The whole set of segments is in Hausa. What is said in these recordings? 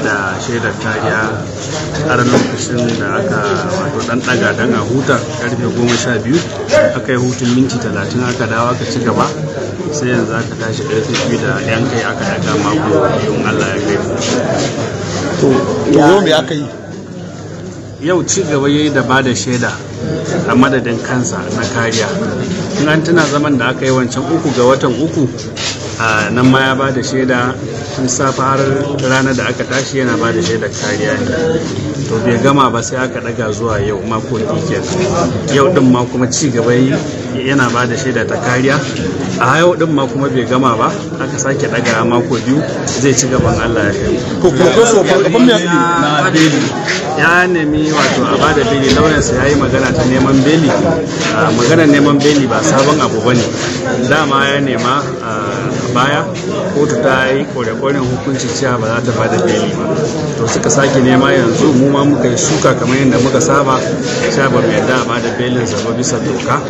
da shaidar tariya har lokacin da aka wato dan daga dan a huta karfe goma sha biyu aka yi hutun minti talatin aka dawo aka ci gaba sai yanzu aka tashi karfe biyu da yan kai aka daga mako don allah ya kai to yau me aka yi yau ci gaba yayi da ba da shaida a madadin kansa na kariya in an tuna zaman da aka yi wancan uku ga watan uku a nan ma ya ba da shaida tun safa har ranar da aka tashi yana ba da shaida kariya ne to bai gama ba sai aka daga zuwa yau mako ke yau din ma kuma ci gaba yana ba da shaida ta kariya a yau din ma kuma bai gama ba aka sake daga mako biyu zai ci gaban Allah ya kai ko gaban me na ya nemi wato a ba da beli lawrence ya yi magana ta neman beli magana neman beli ba sabon abu bane dama ya nema baya kotu ta yi kore-koren hukuncin cewa ba za ta bada beli ba to suka sake nema yanzu mu ma muka yi shuka kamar yadda muka saba cewa ba mai da ba da belin zaba bisa doka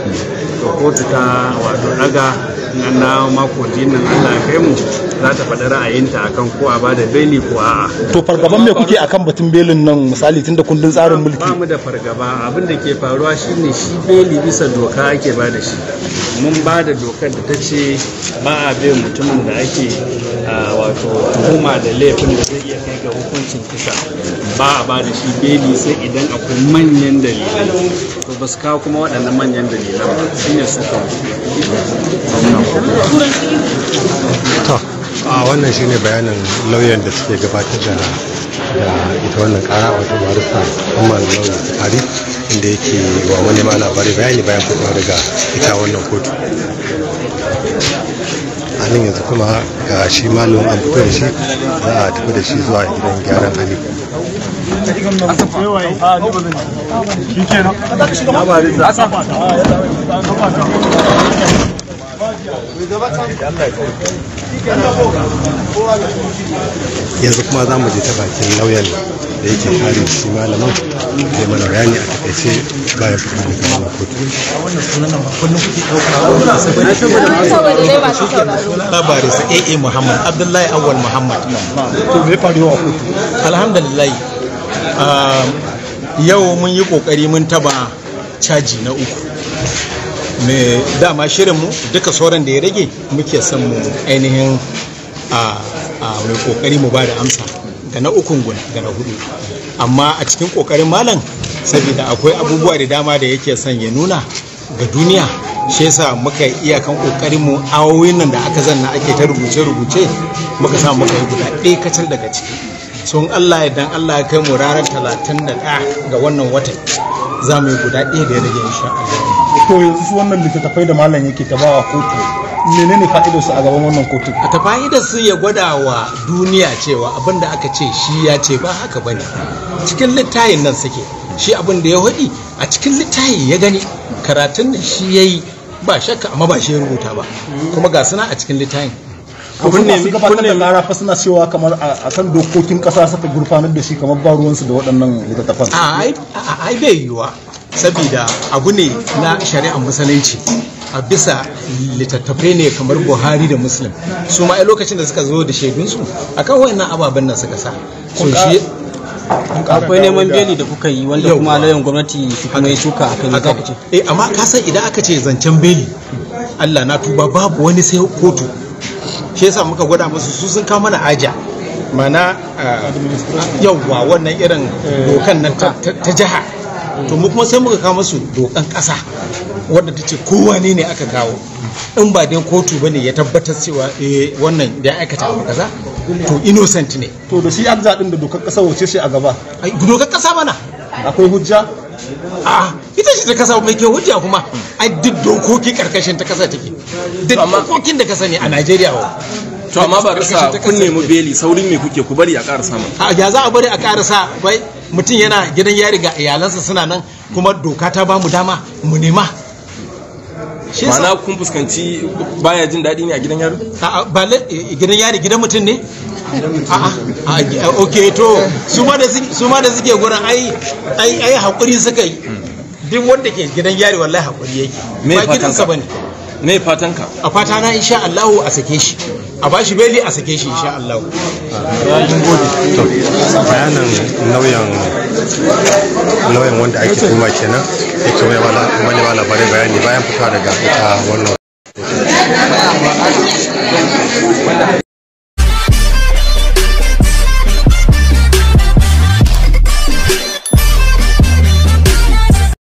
to kotu ta wato daga nan na mako dinin Allah ya kai mu za ta faɗi ra'ayinta akan ko a ba da beli ko a'a to fargaban me kuke akan batun belin nan misali tunda kundin tsarin mulki ba mu da fargaba abin da ke faruwa shine shi beli bisa doka ake ba da shi mun ba da dokar da ta ce ba a bai mutumin da ake wato tuhuma da laifin da zai iya kai ga hukuncin kisa ba a ba da shi beli sai idan akwai manyan dalilai to ba su kawo kuma waɗannan manyan dalilan ba shine su kan a wannan shine bayanin lauyan da suke gabatar da da ita wannan kara wata barista umar lauyan tsari inda yake wa wani ma labari bayani bayan kuma daga ita wannan kotu halin yanzu kuma ga shi malum an fito da shi za a tafi da shi zuwa gidan gyaran hali yanzu kuma za mu je ta bakin lauyan da yake kare shi malamin da ya mana bayani a takaice bayan kuma da kuma kotu labarin sa AA Muhammad Abdullahi Awal Muhammad alhamdulillah Um, yau mun yi kokari mun taba caji na uku me dama mu duka sauran da ya rage muke son mu ainihin a mai kokari mu ba da amsa ga na ukun gun ga na hudu amma a cikin kokarin malam saboda akwai abubuwa da dama da yake son ya nuna ga duniya shi yasa muka iyakan kokarin mu awoyin nan da aka zanna ake ta rubuce-rubuce muka samu muka yi guda ɗaya kacal daga ciki sun Allah dan Allah ya kai mu ranar ɗaya ga wannan watan za mu yi guda ɗaya da ya rage insha Allah to yanzu su wannan littattafai da malam yake ta bawa kotu menene fa'idar a gaban wannan kotu a ta fa'idar su ya gwada wa duniya cewa abin da aka ce shi ya ce ba haka bane cikin littayin nan suke shi abin da ya hudi a cikin littayi ya gani karatun da shi ya yi ba shakka amma ba shi ya rubuta ba kuma ga suna a cikin littayin kun nemi kara fa suna cewa kamar a dokokin kasa suka gurfanar da shi kamar ba ruwansu da waɗannan littattafan ai bai abu ne na shari'ar musulunci a bisa littattafai ne kamar buhari da muslim su ma lokacin da suka zo da shaidunsu kan wayannan ababen nan suka sa akwai neman beli da kuka yi wanda kuma lauyan gwamnati su kuma yi suka akan yi kace eh amma kasan idan aka ce zancen beli Allah na tuba babu wani sai kotu shi yasa muka gwada musu su sun kawo mana aja mana ah, yawwa wannan irin dokan nan ta jiha to mu kuma sai muka kawo musu dokan kasa wadda ta ce kowa ne ne aka kawo in ba dai kotu bane ya tabbatar cewa eh wannan da ya aikata abu kaza to innocent ne to da shi an zaɗin da dokan kasa wace shi a gaba dokan kasa mana akwai hujja ah ita ce ta kasa mai kyau hujja kuma a duk dokoki karkashin ta kasa take duk dokokin da ka sani a Najeriya ba to amma ba rasa kun nemi beli saurin me kuke ku bari a karasa mu a ah, ya za a bari a karasa bai mutum yana gidan yari ga iyalansa suna nan kuma doka ta bamu dama mu nema ma'ana kun fuskanci baya jin daɗi ne a gidan yari? ba gidan yari gidan mutum ne ok to su ma da suke gurin ai haƙuri suka yi duk wanda ke gidan yari wallahi haƙuri yake ba gidansa ba ne me fatan ka a fata na insha Allah a sake shi a bashi beli a sake shi insha Allah bayanan lauyan lauyan wanda ake kuma kenan ya ce wani ba labarai bayani bayan fita daga ita wannan